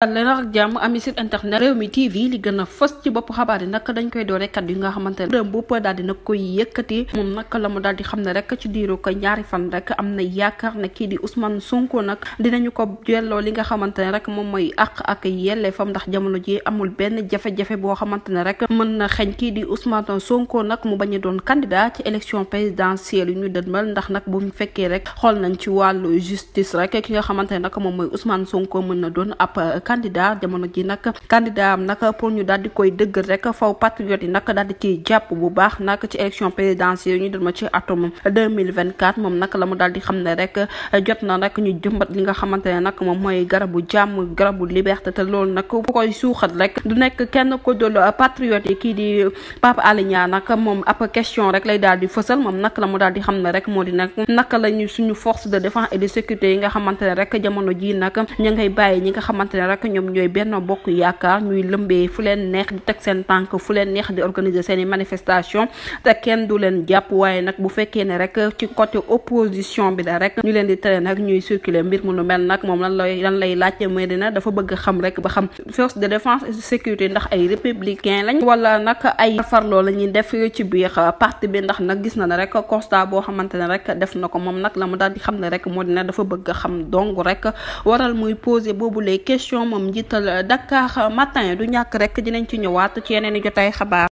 dalleen ak jàmm ami site internet réew mi tv li gën a fës ci bopp xabaar yi nag dañ koy doore kat yi nga xamante ne dërëm bopp daal dina koy yëkkati moom nag la mu daal di xam ne rek ci diiroo ko ñaari fan rek am na yaakaar ne kii di Ousmane Sonko nag dinañu ko jelloo li nga xamante ne rek moom mooy àq ak yelleefam ndax jamono ji amul benn jafe-jafe boo xamante ne rek mën na xeñ kii di Ousmane Sonko nag mu bañ doon candidat ci élection présidentielle yu ñu dënmal ndax nag bu mu fekkee rek xool nañ ci wàllu justice rek ki nga xamante ne nag moom mooy Ousmane Sonko mën na doon ab candidat jamono ji nag candidat am nag pour ñu daal di koy dëggal rek faw patriote yi nag daal di jàpp bu baax nag la mu daal xam ne rek li nga xamante ne moom mooy ko dul patriote yi kii di Pape Alé Niang nag moom ab question rek la mu daal xam ne rek moo naka la suñu force de défense et de sécurité yi nga xamante rek jamono ji nag ñu ngay bàyyi ñi nga xamante rek nag ñoom ñooy Benno Bokk Yaakaar ñuy lëmbee fu leen neex di teg seen tànk fu leen neex di organiser seen i manifestation te kenn du leen jàpp waaye nag bu fekkee ne rek ci côté opposition bi da rek ñu leen di tere nag ñuy circuler mbir mu nu mel nag moom lan lay lan lay laajte mooy dina dafa bëgg xam rek ba xam force de défense et de sécurité ndax ay républicain lañ wala nag ay farloo la ñuy def ci biir parti bi ndax nag gis na ne rek constat boo xamante ne rek def na ko moom nag la mu daal di xam ne rek moo dina dafa bëgg xam dong rek waral muy poser boobu les questions moom njiital Dakar matin du ñàkk rek dinañ ci ñëwaat ci yeneen i jotaay xabaar.